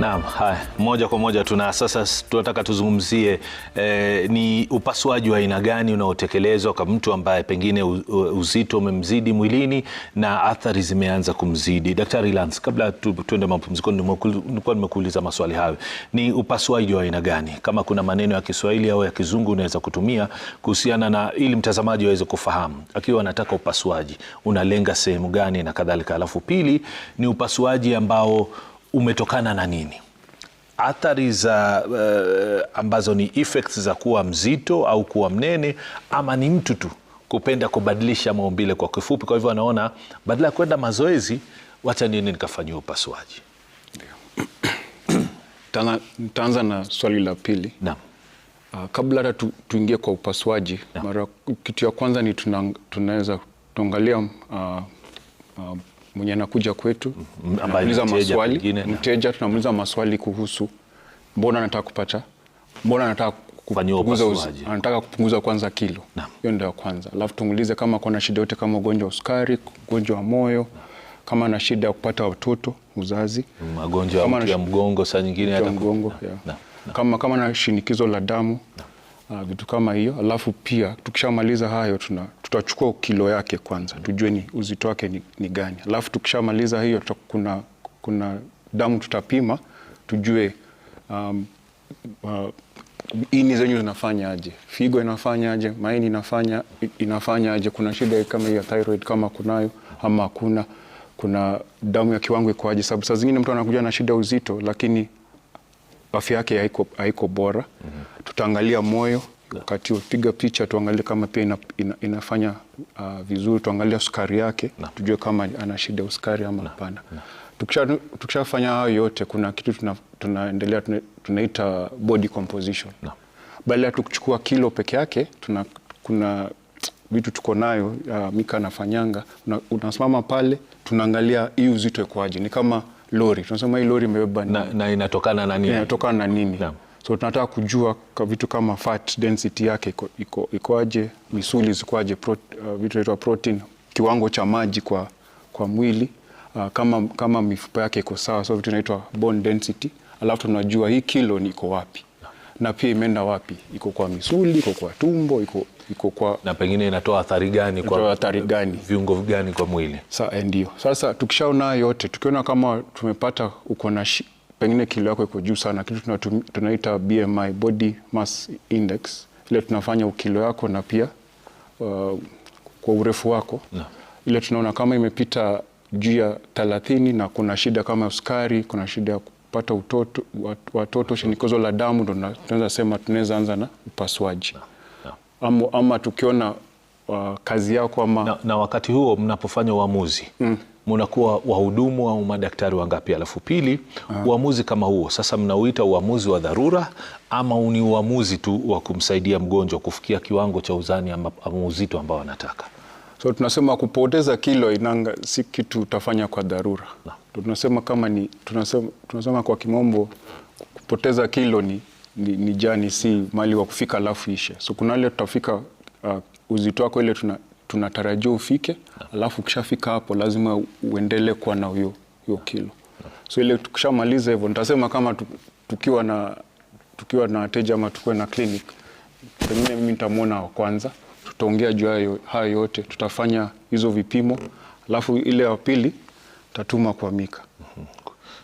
Naam, haya moja kwa moja tuna sasa tunataka tuzungumzie eh, ni upasuaji wa aina gani unaotekelezwa kwa mtu ambaye pengine uzito umemzidi mwilini na athari zimeanza kumzidi. Daktari Lance, kabla tu, tuende mapumzikoni, nilikuwa nimekuuliza maswali hayo, ni upasuaji wa aina gani? Kama kuna maneno ya Kiswahili au ya Kizungu unaweza kutumia kuhusiana na ili mtazamaji aweze kufahamu akiwa anataka upasuaji unalenga sehemu gani na kadhalika. Alafu pili ni upasuaji ambao umetokana na nini? Athari za uh, ambazo ni effects za kuwa mzito au kuwa mnene, ama ni mtu tu kupenda kubadilisha maumbile kwa kifupi. Kwa hivyo anaona badala ya kwenda mazoezi, wacha nini nikafanyia upasuaji. Nitaanza na swali la pili. Naam. Uh, kabla hata tu, tuingie kwa upasuaji mara kitu ya kwanza ni tunaweza tuangalia uh, uh, mwenye anakuja kwetu mm, mm, tunamuuliza maswali, mteja tunamuuliza maswali kuhusu mbona anataka kupata, mbona anataka kupunguza, anataka kupunguza kwanza kilo. Hiyo ndio ya kwanza, alafu tumuulize kama kuna shida yote kama ugonjwa wa sukari, ugonjwa wa moyo na kama ana shida ya kupata watoto uzazi, mm, magonjwa ya mgongo, saa nyingine hata mgongo, kama na shinikizo la damu na Uh, vitu kama hiyo. Alafu pia tukishamaliza hayo tuna, tutachukua kilo yake kwanza tujue ni uzito wake ni, ni gani. Alafu tukishamaliza hiyo kuna, kuna damu tutapima tujue um, uh, ini zenyu zinafanya aje, figo inafanya aje, maini inafanya, inafanya aje, kuna shida kama hiyo thyroid kama kunayo ama hakuna, kuna damu ya kiwango iko aje, sababu saa zingine mtu anakuja na shida uzito, lakini afya yake haiko bora. mm -hmm tutaangalia moyo wakati upiga picha tuangalie kama pia ina, ina, inafanya uh, vizuri, tuangalie sukari yake na, tujue kama ana shida usukari ama hapana. Tukishafanya hayo yote, kuna kitu tuna, tunaendelea tunaita body composition. Badala ya tukuchukua kilo peke yake, tuna, kuna vitu tuko nayo uh, Mika anafanyanga, unasimama una pale, tunaangalia hii uzito ikoaje, ni kama lori tunasema hii lori imebeba na, na inatokana na nini, inatokana na nini na. So tunataka kujua vitu kama fat density yake iko ikoaje, misuli zikoaje, uh, vitu vinaitwa protein, kiwango cha maji kwa, kwa mwili uh, kama, kama mifupa yake iko sawa, so vitu vinaitwa bone density. Alafu tunajua hii kilo ni iko wapi na pia imeenda wapi, iko kwa misuli, iko kwa tumbo, iko, iko kwa na pengine inatoa athari gani kwa athari gani viungo gani kwa mwili. Sasa eh, ndio sasa, tukishaona yote, tukiona kama tumepata uko na pengine kilo yako iko juu sana, kitu tunaita BMI, body mass index, ile tunafanya ukilo yako na pia uh, kwa urefu wako no. Ile tunaona kama imepita juu ya thelathini na kuna shida kama sukari, kuna shida ya kupata utoto, watoto, shinikizo la damu, ndo tunaweza sema tunaweza anza na upasuaji no. No. Ama, ama tukiona uh, kazi yako ama na, na wakati huo mnapofanya uamuzi mm mnakuwa wahudumu au madaktari wangapi? Alafu pili, ah. uamuzi kama huo sasa mnauita uamuzi wa dharura ama ni uamuzi tu wa kumsaidia mgonjwa kufikia kiwango cha uzani ama, ama uzito ambao anataka? So tunasema kupoteza kilo inanga si kitu utafanya kwa dharura na. Tunasema kama ni tunasema, tunasema kwa kimombo kupoteza kilo ni, ni, ni jani si mali wa kufika alafu ishe. So kuna ile tutafika uh, uzito wako ile tuna tunatarajia ufike Alafu ukishafika hapo lazima uendelee kuwa na hiyo hiyo kilo So ile tukishamaliza hivyo nitasema kama tukiwa na tukiwa na wateja ama tukiwa na clinic, pengine mimi nitamwona wa kwanza, tutaongea juu hayo yote, tutafanya hizo vipimo, alafu ile ya pili tatuma kwa Mika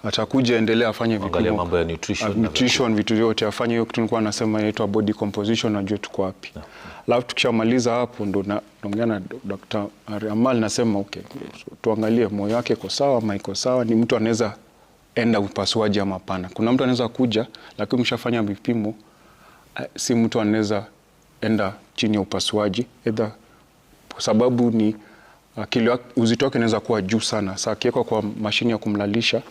atakuja endelea afanye mambo ya nutrition, ah, nutrition vitu vyote afanye hiyo kitu nilikuwa nasema inaitwa body composition, ajue tuko wapi. Alafu yeah. tukishamaliza hapo ndo naongea na Dr. Amal nasema okay, so, tuangalie moyo wake iko sawa ama iko sawa, ni mtu anaweza enda upasuaji ama hapana. Kuna mtu anaweza kuja lakini mshafanya vipimo, uh, si mtu anaweza enda chini ya upasuaji either kwa sababu ni akili ah, uzito wake inaweza kuwa juu sana, saa akiwekwa kwa mashine ya kumlalisha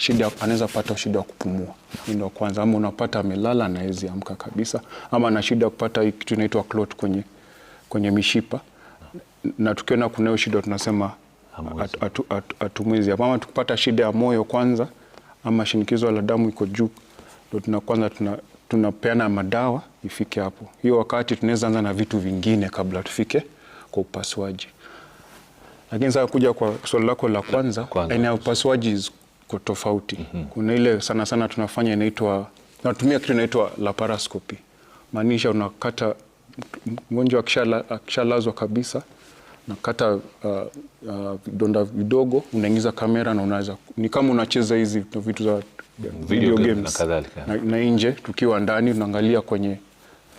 shida, anaweza pata shida ya kupumua. Hii ndio kwanza, ama unapata amelala na amka kabisa, ama ana shida kupata kitu inaitwa clot kwenye, kwenye mishipa, na tukiona kunayo shida tunasema hatumwezi at, ama tukipata shida ya moyo kwanza, ama shinikizo la damu iko juu, ndo tuna kwanza tuna tunapeana madawa ifike hapo. Hiyo wakati tunaweza anza na vitu vingine kabla tufike kwa upasuaji. Lakini sasa kuja kwa swali lako la kwanza, aina ya upasuaji iko tofauti. mm -hmm. Kuna ile sana sana tunafanya inaitwa, tunatumia kitu inaitwa laparoscopy, maanisha unakata mgonjwa akishalazwa kabisa, nakata uh, uh, vidonda vidogo, unaingiza kamera na unaweza, ni kama unacheza hizi vitu za video games na, na, na nje tukiwa ndani tunaangalia kwenye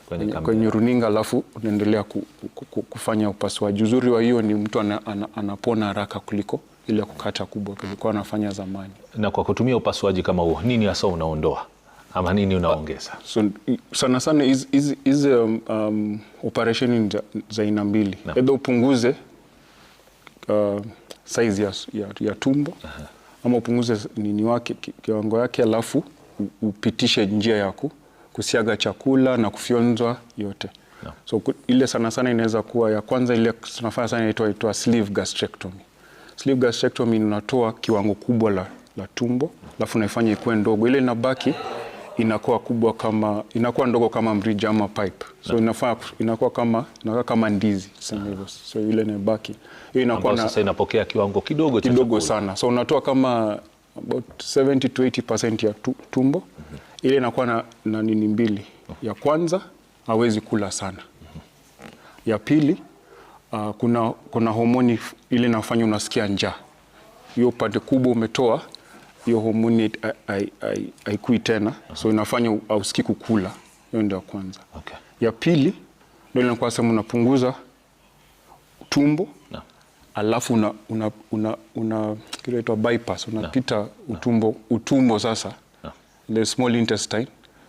kwenye, kwenye runinga alafu unaendelea ku, ku, ku, kufanya upasuaji. Uzuri wa hiyo ni mtu anapona ana, ana haraka kuliko ile kukata kubwa kulikuwa nafanya zamani. Na kwa kutumia upasuaji kama huo, nini hasa unaondoa ama nini unaongeza? So, sana sana hizi um, um, operesheni za aina mbili, edha upunguze uh, size ya, ya, ya tumbo Aha. ama upunguze nini wake kiwango yake, alafu upitishe njia ya kusiaga chakula na kufyonzwa yote no. So ile sana sana inaweza kuwa ya kwanza, ile tunafanya sana inaitwa sleeve gastrectomy sleeve gastrectomy inatoa kiwango kubwa la, la tumbo alafu naifanya ikuwe ndogo, ile inabaki inakuwa kubwa kama inakuwa ndogo kama mrija ama pipe, so inafaa inakuwa kama inakuwa kama ndizi sema hivyo, so ile inabaki hiyo inakuwa na, sasa inapokea kiwango kidogo cha kidogo sana, so unatoa kama about 70 to 80% ya tu, tumbo mm -hmm. ile inakuwa na, na nini mbili, ya kwanza hawezi kula sana, ya pili uh, kuna, kuna homoni ile inafanya unasikia njaa. Hiyo upande kubwa umetoa, hiyo homoni haikui tena, so inafanya hausikii kukula. Hiyo ndio ya kwanza. Okay. Ya pili ndio inakuwa sema unapunguza tumbo no. Alafu una, una, una, una kinaitwa bypass unapita no. utumbo, utumbo sasa no. the small intestine,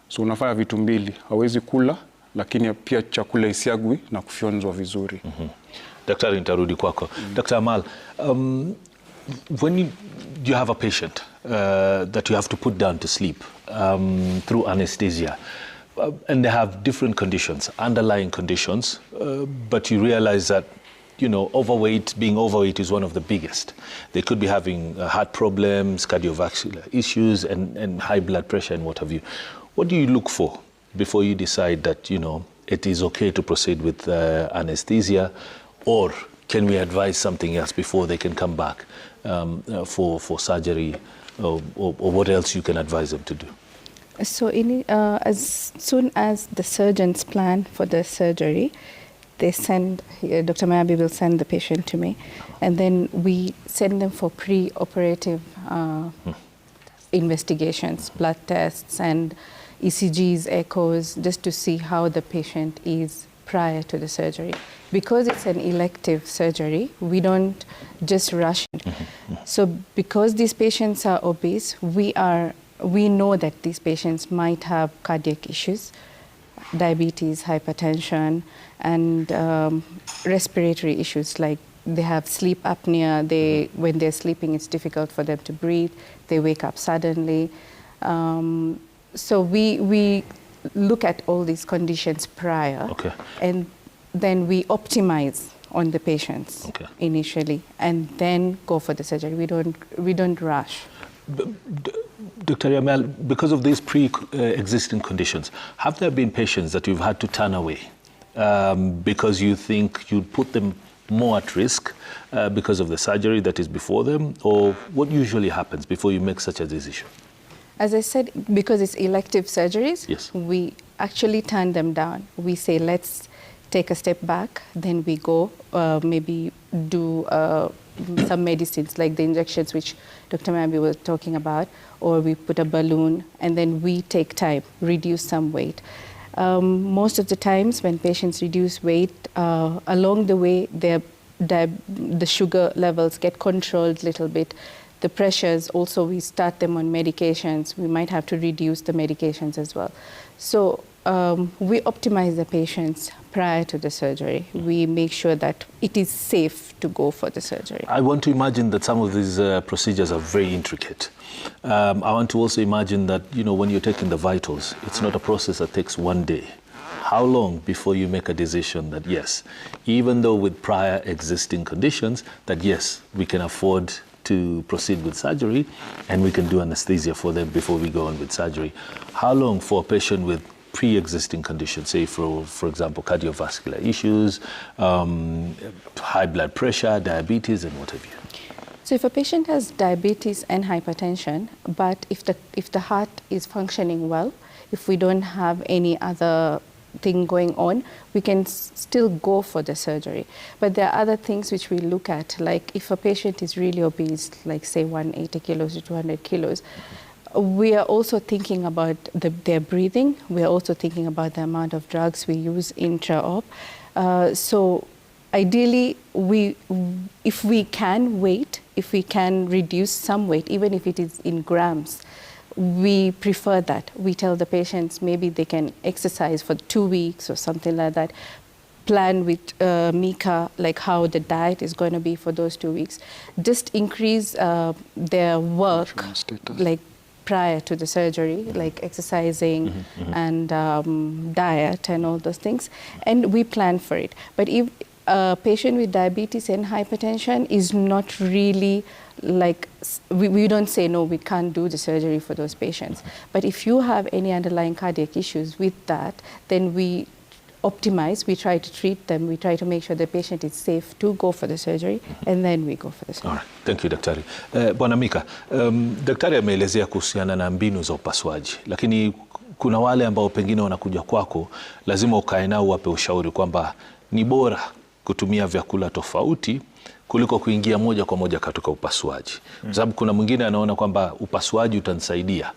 so unafanya vitu mbili, hawezi kula lakini pia chakula isiagwi na kufyonzwa vizuri. mm -hmm. Daktari, nitarudi kwako. mm -hmm. Dr. Amal, um, when you, you have a patient uh, that you have to put down to sleep um, through anesthesia uh, and they have different conditions, underlying conditions, uh, but you realize that you know, overweight, being overweight is one of the biggest. They could be having uh, heart problems, cardiovascular issues, and, and high blood pressure and what have you. What do you look for before you decide that, you know, it is okay to proceed with uh, anesthesia or can we advise something else before they can come back um, uh, for, for surgery or, or, or, what else you can advise them to do? So, in, uh, as soon as the surgeons plan for the surgery, they send, uh, Dr. Mayabi will send the patient to me, and then we send them for pre operative uh, hmm. investigations, blood tests, and ECGs, echoes, just to see how the patient is prior to the surgery. Because it's an elective surgery, we don't just rush it. Mm-hmm. So because these patients are obese, we are we know that these patients might have cardiac issues, diabetes, hypertension, and um, respiratory issues like they have sleep apnea. They mm-hmm. when they're sleeping, it's difficult for them to breathe. They wake up suddenly. Um, so we, we look at all these conditions prior okay. and then we optimize on the patients okay. initially and then go for the surgery. We don't, we don't rush. Dr. Yamal, because of these pre-existing conditions, have there been patients that you've had to turn away um, because you think you'd put them more at risk uh, because of the surgery that is before them? Or what usually happens before you make such a decision? As I said, because it's elective surgeries, yes. we actually turn them down. We say, let's take a step back, then we go uh, maybe do uh, some medicines like the injections which Dr. Mambi was talking about, or we put a balloon and then we take time, reduce some weight. Um, most of the times when patients reduce weight, uh, along the way their the sugar levels get controlled a little bit the pressures also we start them on medications we might have to reduce the medications as well so um, we optimize the patients prior to the surgery. We make sure that it is safe to go for the surgery. I want to imagine that some of these uh, procedures are very intricate. Um, I want to also imagine that, you know, when you're taking the vitals, it's not a process that takes one day. How long before you make a decision that, yes, even though with prior existing conditions, that, yes, we can afford to proceed with surgery and we can do anesthesia for them before we go on with surgery. How long for a patient with pre-existing conditions, say for, for example, cardiovascular issues, um, high blood pressure, diabetes, and what have you? So if a patient has diabetes and hypertension, but if the, if the heart is functioning well, if we don't have any other thing going on, we can still go for the surgery. But there are other things which we look at, like if a patient is really obese, like say 180 kilos to 200 kilos. We are also thinking about the, their breathing. We are also thinking about the amount of drugs we use intra-op. Uh, so ideally, we, if we can wait, if we can reduce some weight, even if it is in grams, we prefer that. We tell the patients maybe they can exercise for two weeks or something like that. Plan with uh, Mika like how the diet is going to be for those two weeks. Just increase uh, their work like prior to the surgery, mm-hmm. like exercising mm -hmm, mm -hmm. and um, diet and all those things. And we plan for it. But if a patient with diabetes and hypertension is not really like we, we don't say no we can't do the surgery for those patients but if you have any underlying cardiac issues with that then we optimize we try to treat them we try to make sure the patient is safe to go for the surgery and then we go for the surgery. All right. Thank you daktari uh, bwana Mika um, daktari ameelezea kuhusiana na mbinu za upasuaji lakini kuna wale ambao pengine wanakuja kwako lazima ukae nao wape ushauri kwamba ni bora kutumia vyakula tofauti kuliko kuingia moja kwa moja katika upasuaji, mm. kwa sababu kuna mwingine anaona kwamba upasuaji utanisaidia.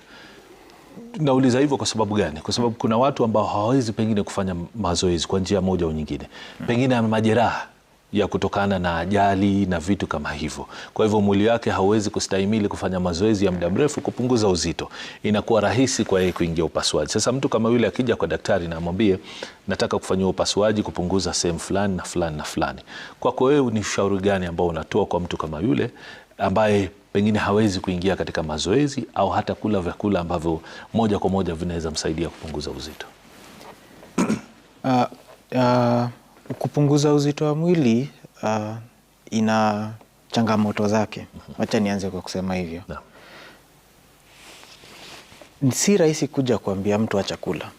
Nauliza hivyo kwa sababu gani? Kwa sababu kuna watu ambao hawawezi pengine kufanya mazoezi kwa njia moja au nyingine, mm. pengine ana majeraha ya kutokana na ajali na vitu kama hivyo. Kwa hivyo mwili wake hauwezi kustahimili kufanya mazoezi ya muda mrefu, kupunguza uzito, inakuwa rahisi kwa yeye kuingia upasuaji. Sasa mtu kama yule akija kwa daktari na amwambie nataka kufanyiwa upasuaji kupunguza sehemu fulani na fulani na fulani, kwako wewe ni ushauri gani ambao unatoa kwa mtu kama yule ambaye pengine hawezi kuingia katika mazoezi au hata kula vyakula ambavyo moja kwa moja vinaweza msaidia kupunguza uzito? uh, uh... Kupunguza uzito wa mwili uh, ina changamoto zake. Mhm. Wacha nianze kwa kusema hivyo no. Si rahisi kuja kuambia mtu acha kula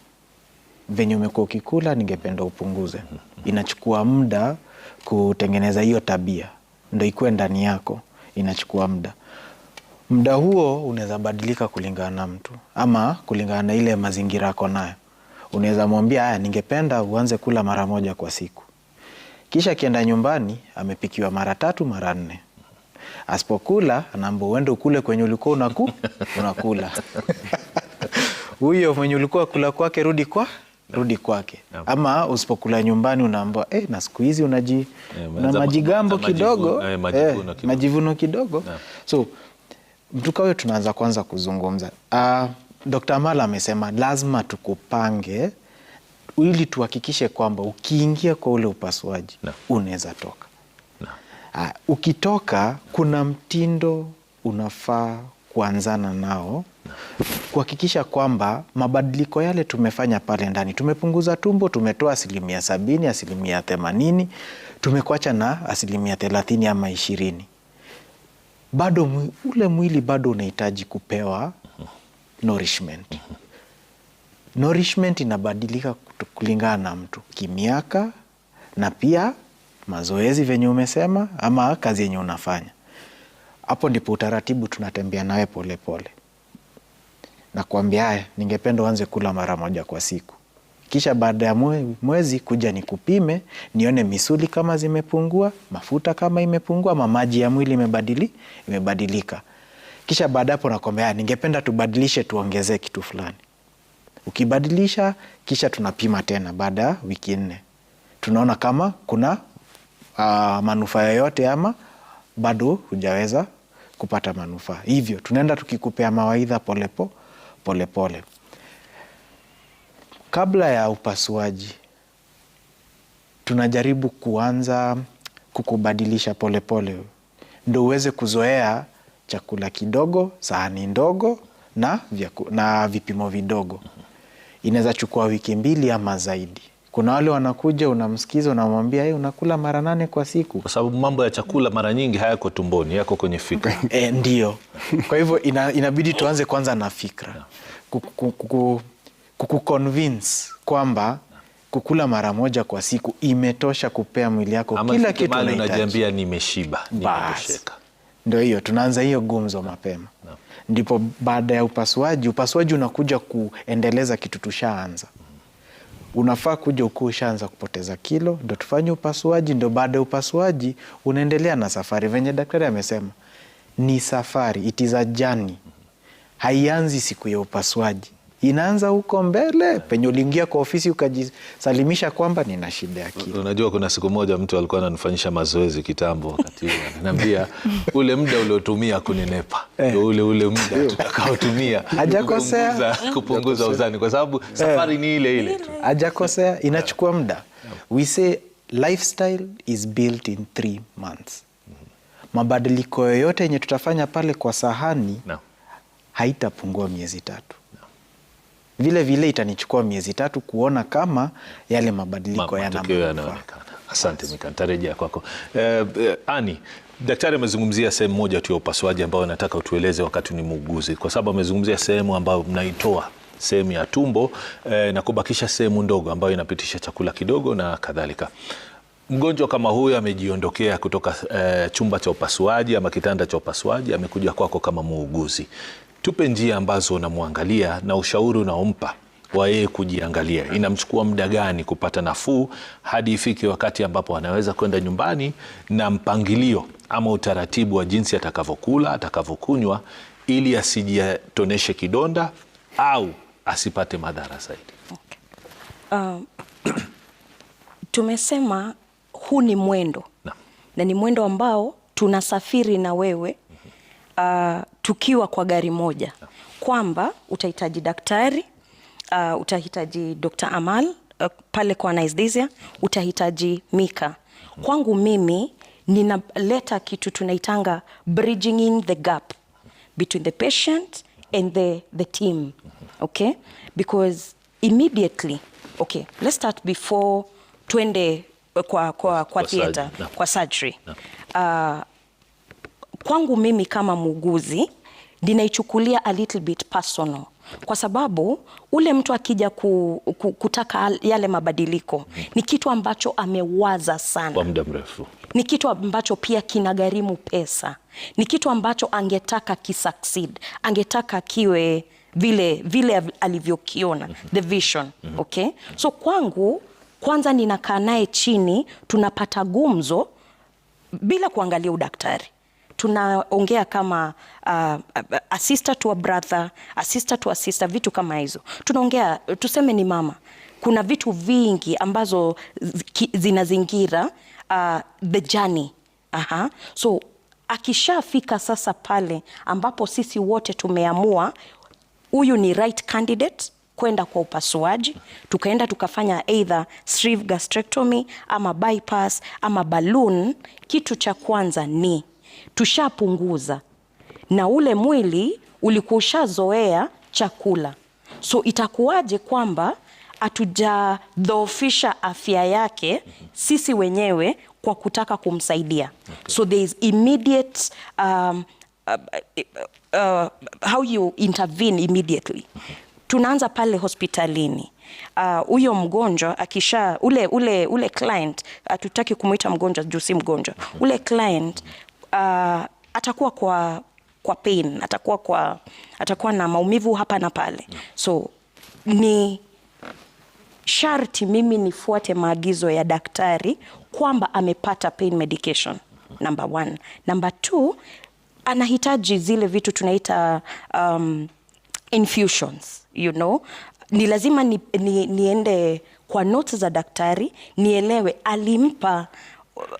venye umekuwa ukikula, ningependa upunguze. Mhm. Inachukua muda kutengeneza hiyo tabia, ndo ikuwe ndani yako, inachukua muda. Muda huo unaweza badilika kulingana na mtu ama kulingana na ile mazingira ako nayo unaweza mwambia haya, ningependa uanze kula mara moja kwa siku, kisha akienda nyumbani amepikiwa mara tatu mara nne asipokula anaambia uende ukule kwenye ulikuwa unaku unakula huyo mwenye ulikuwa kula kwake, rudi kwa rudi kwake. Ama usipokula nyumbani unaambiwa eh, na siku hizi unaji eh, na majigambo eh, eh, kidogo majivuno kidogo. So mtuka tunaanza kwanza kuzungumza uh, Dr. Amala amesema lazima tukupange ili tuhakikishe kwamba ukiingia kwa ule upasuaji no. unaweza toka no. Ha, ah, ukitoka kuna mtindo unafaa kuanzana nao no. kuhakikisha kwamba mabadiliko yale tumefanya pale ndani, tumepunguza tumbo, tumetoa asilimia sabini, asilimia themanini, tumekuacha na asilimia thelathini ama ishirini bado ule mwili bado unahitaji kupewa nourishment. Mm -hmm. Nourishment inabadilika kulingana na mtu kimiaka na pia mazoezi venye umesema ama kazi yenye unafanya. Hapo ndipo utaratibu tunatembea nawe polepole, nakwambia haya, ningependa uanze kula mara moja kwa siku, kisha baada ya mwezi kuja nikupime, nione misuli kama zimepungua, mafuta kama imepungua, ama maji ya mwili imebadili imebadilika kisha baada hapo nakwambia ah, ningependa tubadilishe tuongezee kitu fulani. Ukibadilisha kisha tunapima tena baada ya wiki nne, tunaona kama kuna uh, manufaa yoyote ama bado hujaweza kupata manufaa. Hivyo tunaenda tukikupea mawaidha polepo polepole pole. Kabla ya upasuaji tunajaribu kuanza kukubadilisha polepole ndo uweze kuzoea chakula kidogo, sahani ndogo na, vyaku, na vipimo vidogo. Inaweza chukua wiki mbili ama zaidi. Kuna wale wanakuja, unamsikiza, unamwambia hey, unakula mara nane kwa siku, kwa sababu mambo ya chakula mara nyingi hayako tumboni, yako kwenye fikra e, ndio. Kwa hivyo ina, inabidi tuanze kwanza na fikra kukuconvince kwamba kukula mara moja kwa siku imetosha kupea mwili yako kila kitu unajiambia, nimeshiba, nimetosheka. Ndio hiyo tunaanza hiyo gumzo mapema no. Ndipo baada ya upasuaji, upasuaji unakuja kuendeleza kitu tushaanza. Unafaa kuja ukuwa ushaanza kupoteza kilo, ndo tufanye upasuaji. Ndo baada ya upasuaji unaendelea na safari, venye daktari amesema ni safari, itizajani haianzi siku ya upasuaji inaanza huko mbele penye uliingia kwa ofisi ukajisalimisha kwamba nina shida ya akili. Unajua, kuna siku moja mtu alikuwa ananifanyisha mazoezi kitambo, wakati huo ananiambia ule muda uliotumia kuninepa eh. ndio ule ule muda tutakaotumia hajakosea kupunguza uzani, kwa sababu eh. safari ni ile ile tu, hajakosea inachukua muda. We say lifestyle is built in three months. Mm-hmm. Mabadiliko yoyote yenye tutafanya pale kwa sahani haitapungua miezi tatu vile vile itanichukua miezi tatu kuona kama yale mabadiliko yana yanaonekana. Asante Mika, nitarejea kwako. Eh, eh Ani, daktari amezungumzia sehemu moja tu ya upasuaji ambayo nataka utueleze wakati ni muuguzi, kwa sababu amezungumzia sehemu ambayo mnaitoa sehemu ya tumbo eh, na kubakisha sehemu ndogo ambayo inapitisha chakula kidogo na kadhalika. Mgonjwa kama huyu amejiondokea kutoka eh, chumba cha upasuaji ama kitanda cha upasuaji, amekuja kwako kama muuguzi tupe njia ambazo unamwangalia na ushauri unaompa wa yeye kujiangalia. Inamchukua muda gani kupata nafuu hadi ifike wakati ambapo anaweza kwenda nyumbani na mpangilio ama utaratibu wa jinsi atakavyokula, atakavyokunywa ili asijitoneshe kidonda au asipate madhara zaidi. Okay. Uh, tumesema huu ni mwendo na, na ni mwendo ambao tunasafiri na wewe uh, tukiwa kwa gari moja kwamba utahitaji daktari uh, utahitaji Dr. Amal uh, pale kwa anesthesia, utahitaji Mika. Kwangu mimi ninaleta kitu tunaitanga bridging in the gap between the patient and the, the team okay because immediately okay let's start before twende kwa, kwa, kwa, kwa theater surgery. kwa surgery no. uh, kwangu mimi kama muuguzi ninaichukulia a little bit personal kwa sababu ule mtu akija ku, ku, kutaka yale mabadiliko ni kitu ambacho amewaza sana kwa muda mrefu, ni kitu ambacho pia kinagharimu pesa, ni kitu ambacho angetaka kisucceed, angetaka kiwe vile vile alivyokiona, mm -hmm. the vision mm -hmm. Okay, so kwangu kwanza ninakaa naye chini, tunapata gumzo bila kuangalia udaktari tunaongea kama uh, a sister to a brother, a sister to a sister, vitu kama hizo tunaongea, tuseme ni mama. Kuna vitu vingi ambazo zinazingira uh, the journey aha. So akishafika sasa pale ambapo sisi wote tumeamua huyu ni right candidate kwenda kwa upasuaji, tukaenda tukafanya either sleeve gastrectomy ama bypass ama balloon, kitu cha kwanza ni tushapunguza, na ule mwili ulikuwa ushazoea chakula, so itakuwaje kwamba hatujadhoofisha afya yake sisi wenyewe kwa kutaka kumsaidia? Okay. So there is immediate um, uh, uh, uh how you intervene immediately. Okay. Tunaanza pale hospitalini uh, huyo uh, mgonjwa akisha ule, ule, ule client hatutaki kumwita mgonjwa juu si mgonjwa, ule client uh, atakuwa kwa kwa pain, atakuwa kwa atakuwa na maumivu hapa na pale, so ni sharti mimi nifuate maagizo ya daktari kwamba amepata pain medication number one. Number two, anahitaji zile vitu tunaita um, infusions you know, ni lazima ni, ni, niende kwa notes za daktari nielewe alimpa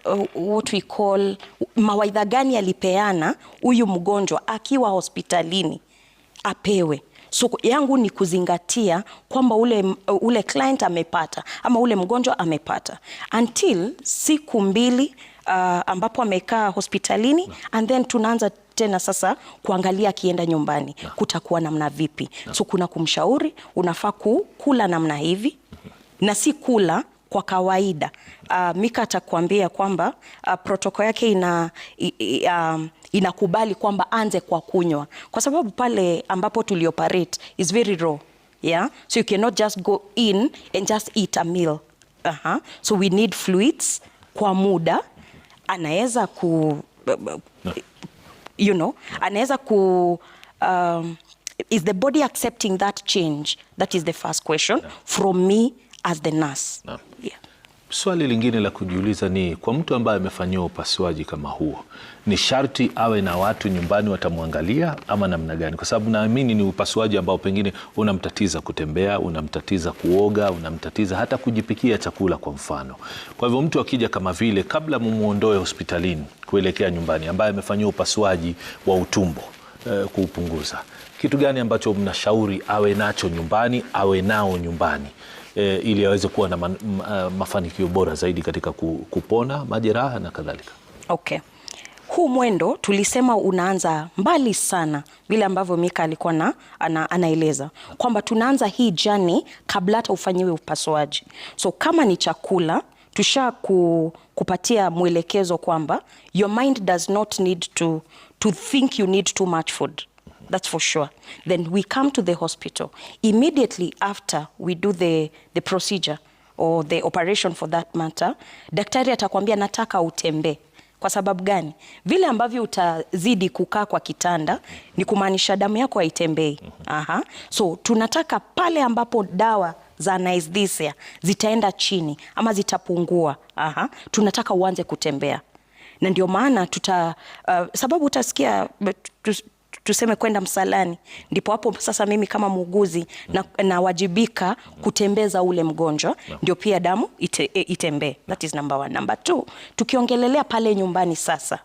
Uh, what we call mawaidha gani alipeana huyu mgonjwa akiwa hospitalini apewe. So yangu ni kuzingatia kwamba ule, uh, ule client amepata ama ule mgonjwa amepata until siku mbili uh, ambapo amekaa hospitalini no. and then tunaanza tena sasa kuangalia akienda nyumbani no. kutakuwa namna vipi no. so kuna kumshauri unafaa kukula namna hivi na si kula kwa kawaida uh, Mika atakuambia kwamba uh, ah, protokoli yake ina i, i, um, inakubali kwamba anze kwa kunywa, kwa sababu pale ambapo tulioperate is very raw yeah, so you cannot just go in and just eat a meal uh -huh. so we need fluids kwa muda, anaweza ku you know, anaweza ku um, is the body accepting that change? That is the first question from me as the nurse. Swali lingine la kujiuliza ni kwa mtu ambaye amefanyiwa upasuaji kama huo, ni sharti awe na watu nyumbani watamwangalia ama namna gani? Kwa sababu naamini ni upasuaji ambao pengine unamtatiza kutembea, unamtatiza kuoga, unamtatiza hata kujipikia chakula kwa mfano. Kwa hivyo mtu akija kama vile, kabla mumuondoe hospitalini kuelekea nyumbani, ambaye amefanyiwa upasuaji wa utumbo eh, kuupunguza, kitu gani ambacho mnashauri awe nacho nyumbani, awe nao nyumbani eh, ili aweze kuwa na man, ma, eh, mafanikio bora zaidi katika kupona majeraha na kadhalika. Okay. Huu mwendo tulisema unaanza mbali sana, vile ambavyo Mika alikuwa na ana, anaeleza kwamba tunaanza hii jani kabla hata ufanyiwe upasuaji. So kama ni chakula tusha ku, kupatia mwelekezo kwamba your mind does not need to, to think you need too much food that's for sure. Then we come to the hospital. Immediately after we do the, the procedure or the operation for that matter, daktari atakwambia nataka utembee. Kwa sababu gani? Vile ambavyo utazidi kukaa kwa kitanda ni kumaanisha damu yako haitembei. Mhm. Aha. So tunataka pale ambapo dawa za anesthesia zitaenda chini ama zitapungua. Aha. Tunataka uanze kutembea na ndio maana tuta uh, sababu utasikia tuseme kwenda msalani, ndipo hapo sasa mimi kama muuguzi nawajibika na kutembeza ule mgonjwa no. Ndio pia damu ite, e, itembee no. That is number one. Number two, tukiongelelea pale nyumbani sasa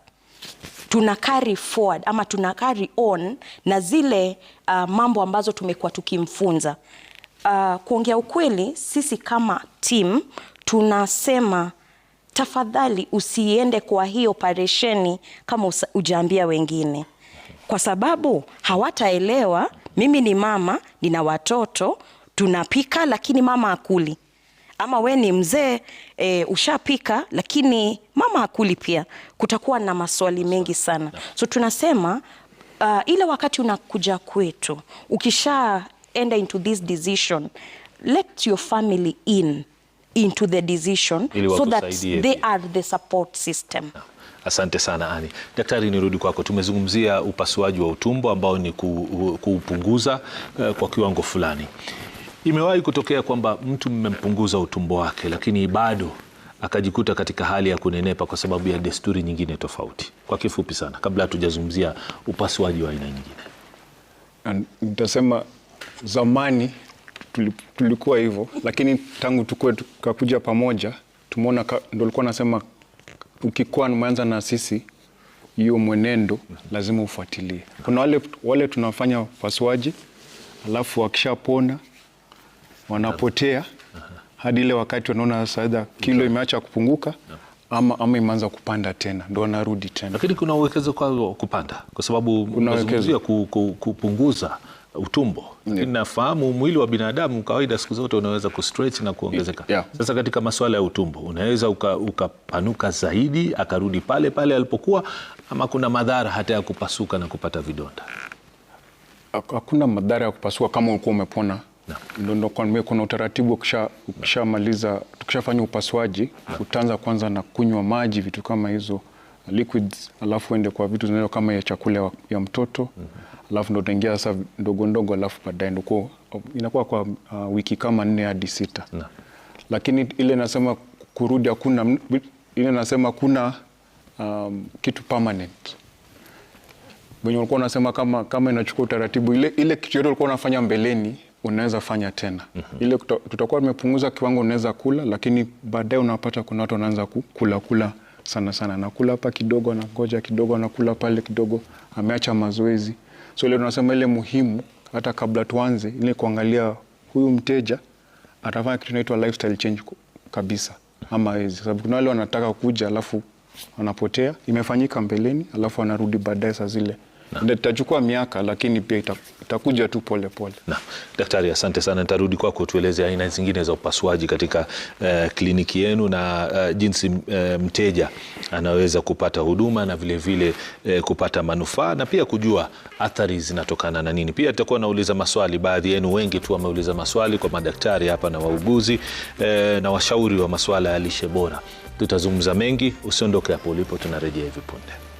tuna carry forward ama tuna carry on na zile uh, mambo ambazo tumekuwa tukimfunza uh, kuongea ukweli, sisi kama team tunasema tafadhali usiende kwa hii operesheni kama ujaambia wengine kwa sababu hawataelewa mimi ni mama, nina watoto tunapika, lakini mama akuli, ama we ni mzee e, ushapika lakini mama akuli pia. Kutakuwa na maswali mengi sana, so tunasema uh, ile wakati unakuja kwetu ukishaenda into this decision let your family in into the decision so that they are the support system. Asante sana Ani. Daktari, nirudi kwako. Tumezungumzia upasuaji wa utumbo ambao ni kuupunguza eh, kwa kiwango fulani. Imewahi kutokea kwamba mtu mmempunguza utumbo wake, lakini bado akajikuta katika hali ya kunenepa kwa sababu ya desturi nyingine tofauti? Kwa kifupi sana, kabla hatujazungumzia upasuaji wa aina nyingine. Nitasema zamani tulikuwa hivyo, lakini tangu tukue tukakuja pamoja tumeona, ndo likuwa nasema ukikuwa mwanza na sisi hiyo mwenendo lazima ufuatilie. Kuna wale, wale tunafanya upasuaji alafu wakishapona wanapotea hadi ile wakati wanaona saidha kilo imeacha kupunguka ama, ama imeanza kupanda tena ndo wanarudi tena, lakini kuna uwekezo kwa kupanda, kwa sababu kupunguza utumbo lakini yeah. Nafahamu mwili wa binadamu kawaida siku zote unaweza kustretch na kuongezeka yeah. Sasa katika masuala ya utumbo unaweza ukapanuka uka zaidi akarudi pale pale alipokuwa, ama kuna madhara hata ya kupasuka na kupata vidonda? Hakuna madhara ya kupasuka kama ulikuwa umepona Kuna utaratibu ukishamaliza, tukishafanya upasuaji Utaanza kwanza na kunywa maji, vitu kama hizo liquids, alafu uende kwa vitu zinaweza kama ya chakula ya mtoto mhm alafu ndo utaingia sasa ndogo ndogo, alafu baadaye ndo inakuwa kwa uh, wiki kama nne hadi sita na. Lakini ile nasema kurudi hakuna, ile nasema kuna um, kitu permanent wenye ulikuwa unasema kama, kama inachukua utaratibu ile, ile kitu yote ulikuwa unafanya mbeleni unaweza fanya tena mm -hmm. Ile tutakuwa tumepunguza kiwango unaweza kula, lakini baadaye unapata kuna watu wanaanza kula kula sana sana, anakula hapa kidogo, anangoja kidogo, anakula pale kidogo, ameacha mazoezi. So ile tunasema ile muhimu hata kabla tuanze ile kuangalia huyu mteja atafanya kitu inaitwa lifestyle change kabisa ama hizi, sababu kuna wale wanataka kuja alafu wanapotea. Imefanyika mbeleni alafu anarudi baadaye saa zile itachukua miaka lakini pia itakuja tu pole. Na daktari, asante sana, nitarudi kwako tueleze aina zingine za upasuaji katika uh, kliniki yenu na uh, jinsi uh, mteja anaweza kupata huduma na vilevile vile, uh, kupata manufaa na pia kujua athari zinatokana na nini. Pia tutakuwa nauliza maswali, baadhi yenu wengi tu wameuliza maswali kwa madaktari hapa na wauguzi uh, na washauri wa masuala ya lishe bora. Tutazungumza mengi, usiondoke hapo ulipo, tunarejea hivi punde.